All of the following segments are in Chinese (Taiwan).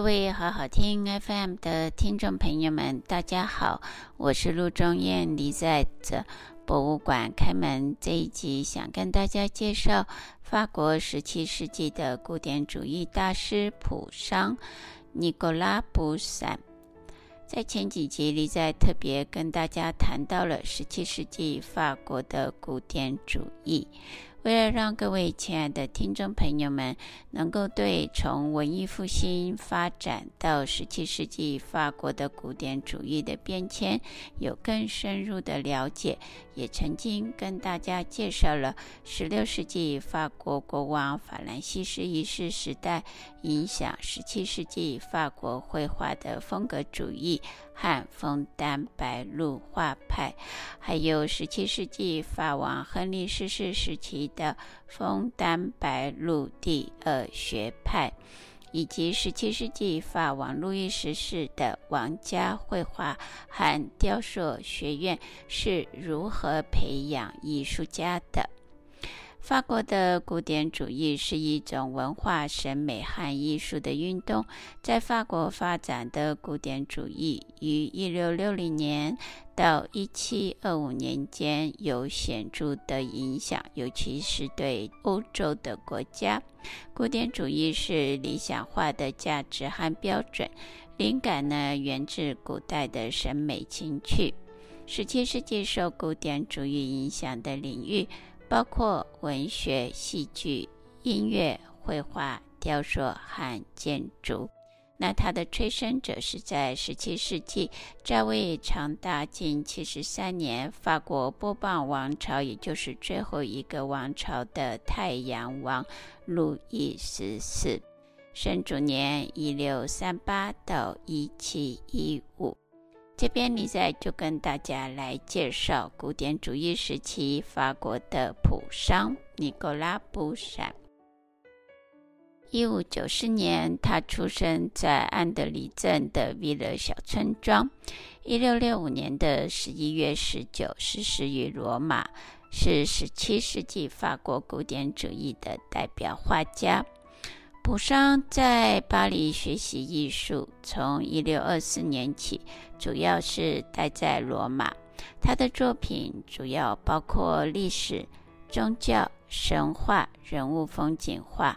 各位好好聽 FM 的聽眾朋友們，大家好，我是陸中艷。離在的博物館開門這一集，想跟大家介紹法國十七世紀的古典主義大師普桑，尼古拉·普桑。在前幾集，離在特別跟大家談到了十七世紀法國的古典主義。為了讓各位親愛的聽眾朋友們能夠對從文藝復興發展到17世紀法國的古典主義的變遷有更深入的了解，也曾經跟大家介紹了16世紀法國國王法蘭西斯一世時代影響17世紀法國繪畫的風格主義和楓丹白露畫派，還有17世紀法王亨利四世時期的楓丹白露第二學派，以及17世紀法王路易十四的王家繪畫和雕塑學院是如何培養藝術家的。法國的古典主義是一種文化審美和藝術的運動，在法國發展的古典主義於一六六零年到一七二五年間有顯著的影響，尤其是對歐洲的國家。古典主義是理想化的價值和標準，靈感呢源自古代的審美情趣。十七世紀受古典主義影響的領域。包括文學、戲劇、音樂、繪畫、雕塑和建築。那它的催生者是在十七世紀在位長達近七十三年法國波旁王朝，也就是最後一個王朝的太陽王路易十四，生卒年一六三八到一七一五。這邊李在就跟大家來介紹古典主義時期法國的普桑尼古拉普桑。一五九四年，他出生在安德里鎮的維勒小村莊。一六六五年的11 19, 十一月十九，逝世於羅馬。是十七世紀法國古典主義的代表畫家。普桑在巴黎學習藝術，從1624年起，主要是待在羅馬。他的作品主要包括歷史、宗教、神話、人物風景畫。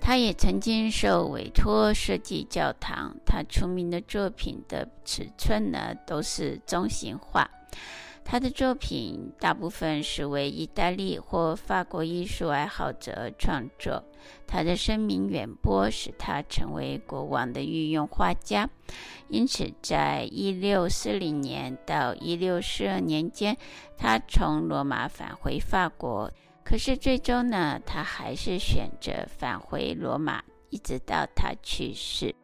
他也曾經受委託設計教堂，他出名的作品的尺寸呢，都是中型畫。他的作品大部分是為意大利或法國藝術愛好者創作。他的聲名遠播，使他成為國王的御用畫家。因此，在一六四零年到一六四二年間，他從羅馬返回法國。可是，最終呢，他還是選擇返回羅馬，一直到他去世。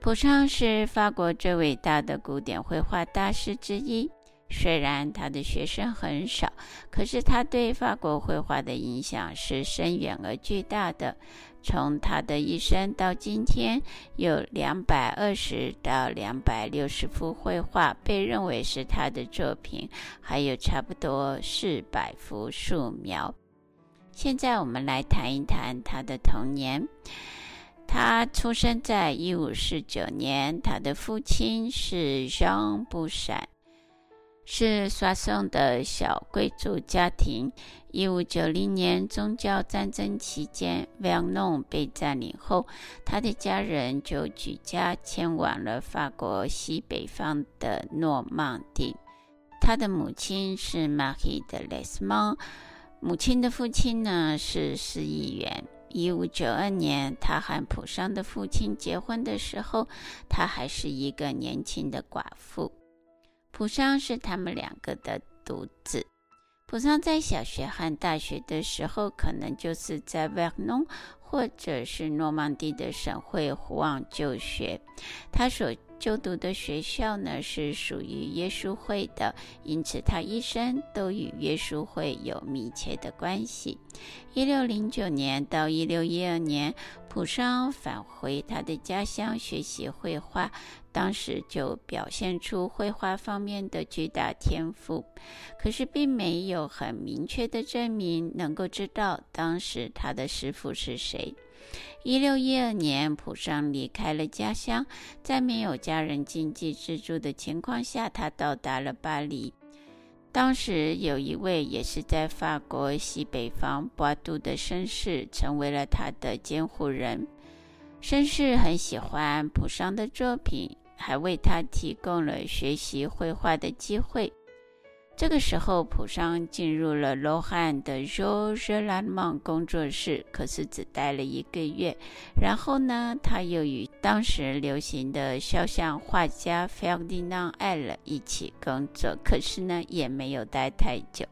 普桑是法國最偉大的古典繪畫大師之一。雖然他的學生很少，可是他對法國繪畫的影響是深遠而巨大的。從他的一生到今天，有兩百二十到兩百六十幅繪畫被認為是他的作品，還有差不多四百幅素描。現在我們來談一談他的童年。他出生在一五四九年，他的父親是 Jean Poussin。是 Soisson 的小貴族家庭。一五九零年宗教戰爭期間，Vernon 被佔領後，他的家人就舉家遷往了法國西北方的諾曼底。他的母親是 Marie de Laisement，母親的父親呢，是市議員。一五九二年，他和普桑的父親結婚的時候，他還是一個年輕的寡婦。普桑是他們兩個的獨子。普桑在小學和大學的時候，可能就是在維爾農或者是諾曼底的省會胡旺就學。他所就讀的學校呢，是屬於耶穌會的，因此他一生都與耶穌會有密切的關係。一六零九年到一六一二年。普桑返回他的家鄉學習繪畫，當時就表現出繪畫方面的巨大天賦。可是並沒有很明確的證明能夠知道當時他的師傅是誰。一六一二年，普桑離開了家鄉，在沒有家人經濟資助的情況下，他到達了巴黎。當時有一位也是在法國西北方巴度的紳士，成為了他的監護人。紳士很喜歡普桑的作品，還為他提供了學習繪畫的機會。這個時候，普桑進入了羅漢的 Georges Lallemant 工作室，可是只待了一個月。然後呢，他又與當時流行的肖像畫家 Ferdinand Elle 一起工作，可是呢，也沒有待太久。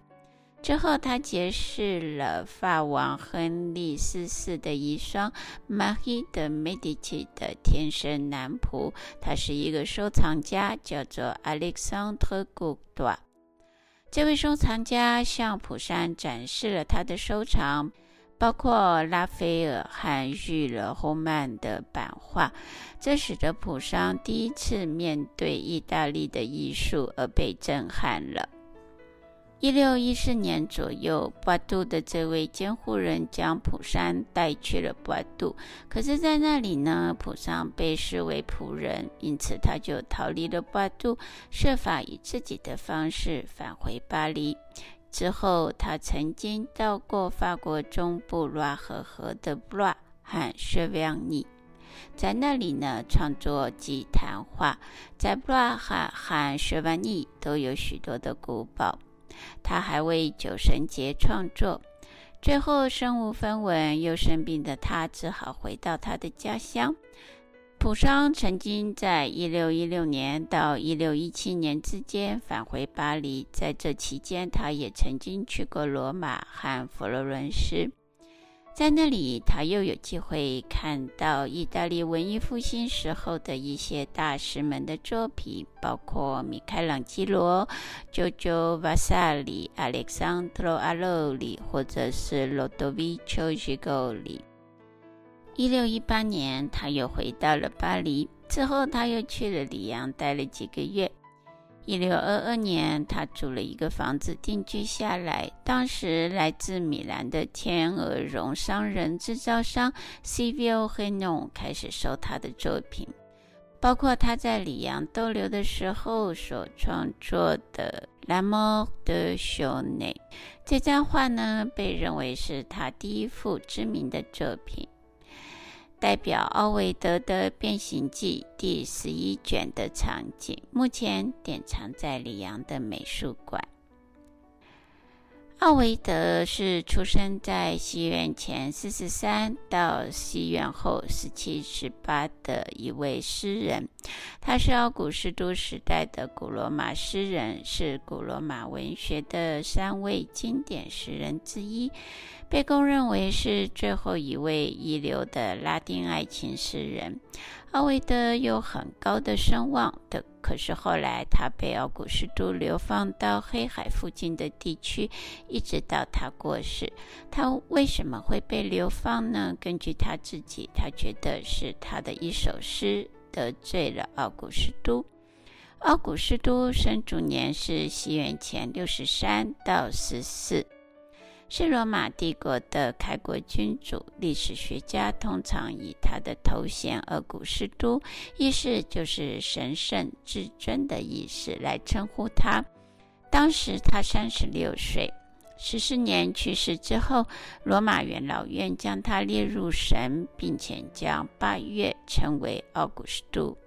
之後，他結識了法王亨利四世的遺孀 Marie de Medici 的貼身男僕，他是一個收藏家，叫做 Alexandre Courtois 這位收藏家向普桑展示了他的收藏，包括拉斐爾和玉勒·侯曼的版畫，這使得普桑第一次面對意大利的藝術而被震撼了。一六一四年左右，巴杜的這位監護人將普桑帶去了巴杜。可是，在那裡呢，普桑被視為僕人，因此他就逃離了巴杜，設法以自己的方式返回巴黎。之後，他曾經到過法國中部布拉赫河的布拉和舍瓦尼，在那裡呢，創作祭壇畫。在布拉和和舍瓦尼都有許多的古堡。他還為酒神節創作，最後身無分文又生病的他，只好回到他的家鄉。普桑曾經在一六一六年到一六一七年之間返回巴黎，在這期間，他也曾經去過羅馬和佛羅倫斯。在那裡，他又有機會看到意大利文藝復興時候的一些大師們的作品，包括米開朗基羅、l e 瓦薩裡、阿 r o 特 l 阿洛裡，或者是洛多維丘西格裡。一六一八年，他又回到了巴黎，之後他又去了裡昂，待了幾個月。一六二二年，他租了一個房子定居下來。當時，來自米蘭的天鵝絨商人制造商 Silvio Reynon 開始收他的作品，包括他在里昂逗留的時候所創作的《La Mort de Chioné》。這張畫呢，被認為是他第一幅知名的作品。代表奧維德的《變形記》第十一卷的場景，目前典藏在里昂的美術館。奧維德是出生在西元前四十三到西元後十七十八的一位詩人，他是奧古斯都時代的古羅馬詩人，是古羅馬文學的三位經典詩人之一，被公認為是最後一位一流的拉丁愛情詩人。奧維德有很高的聲望的，可是後來他被奧古斯都流放到黑海附近的地區，一直到他過世。他為什麼會被流放呢？根據他自己，他覺得是他的一首詩得罪了奧古斯都。奧古斯都生卒年是西元前六十三到十四。是羅馬帝國的開國君主，歷史學家通常以他的頭銜“奧古斯都”（意思就是神聖至尊的意思）來稱呼他。當時他三十六歲，十四年去世之後，羅馬元老院將他列入神，並且將八月稱為“奧古斯都”。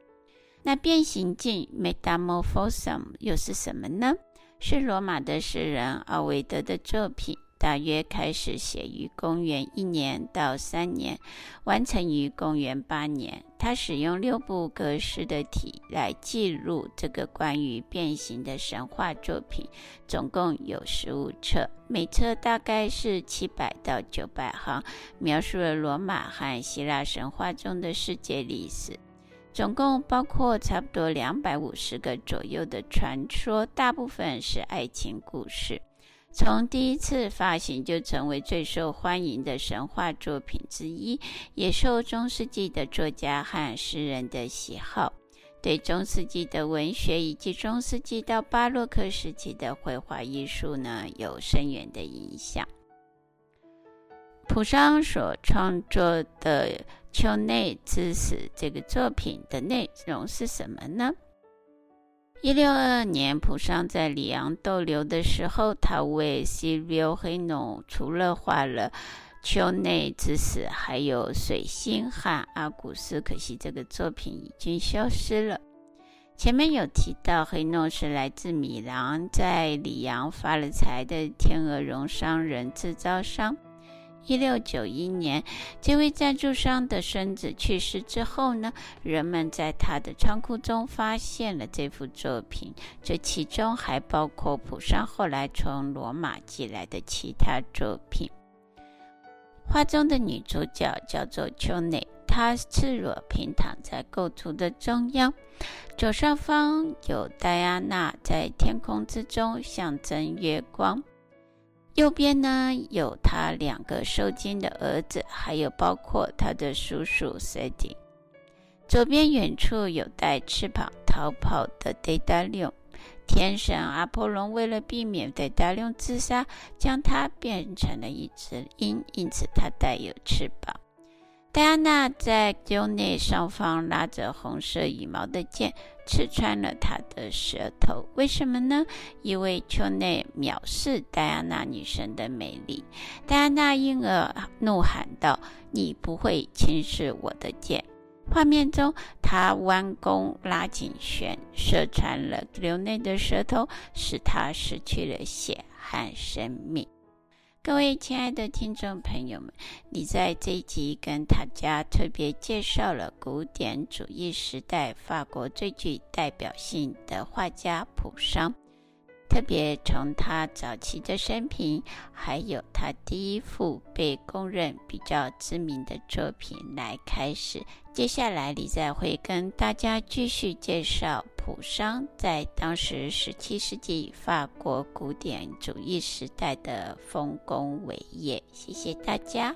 那變形記 “Metamorphosum” 又是什麼呢？是羅馬的詩人奧維德的作品。大約開始寫於公元一年到三年，完成於公元八年。他使用六步格式的體來記錄這個關於變形的神話作品，總共有十五冊，每冊大概是七百到九百行，描述了羅馬和希臘神話中的世界歷史，總共包括差不多兩百五十個左右的傳說，大部分是愛情故事。從第一次發行就成為最受歡迎的神話作品之一，也受中世紀的作家和詩人的喜好，對中世紀的文學以及中世紀到巴洛克時期的繪畫藝術呢，有深遠的影響。普桑所創作的《秋內之死》這個作品的內容是什麼呢？一六二二年，普桑在里昂逗留的時候，他為西維爾·黑諾除了畫了秋內之死，還有水星和阿古斯。可惜這個作品已經消失了。前面有提到，黑諾是來自米蘭，在里昂發了財的天鵝絨商人製造商。一六九一年，這位贊助商的孫子去世之後呢，人們在他的倉庫中發現了這幅作品，這其中還包括普桑後來從羅馬寄來的其他作品。畫中的女主角叫做丘內，她赤裸平躺在構圖的中央，左上方有戴安娜在天空之中，象徵月光。右邊呢，有他兩個受驚的兒子，還有包括他的叔叔 Caddy，左邊遠處有帶翅膀逃跑的戴達龍。天神阿波隆為了避免戴達龍自殺，將他變成了一隻鷹，因此他帶有翅膀。戴安娜在基奧內上方拉着紅色羽毛的箭，刺穿了他的舌頭，為什麼呢？因為丘內藐視戴安娜女神的美麗。戴安娜因而怒喊道：“你不會輕視我的箭！”畫面中，她彎弓拉緊弦，射穿了丘內的舌頭，使他失去了血和生命。各位親愛的聽眾朋友們，你在這一集跟大家特別介紹了古典主義時代法國最具代表性的畫家普桑。特別從他早期的生平，還有他第一幅被公認比較知名的作品來開始，接下來李再會跟大家繼續介紹普桑在當時17世紀法國古典主義時代的豐功偉業。謝謝大家。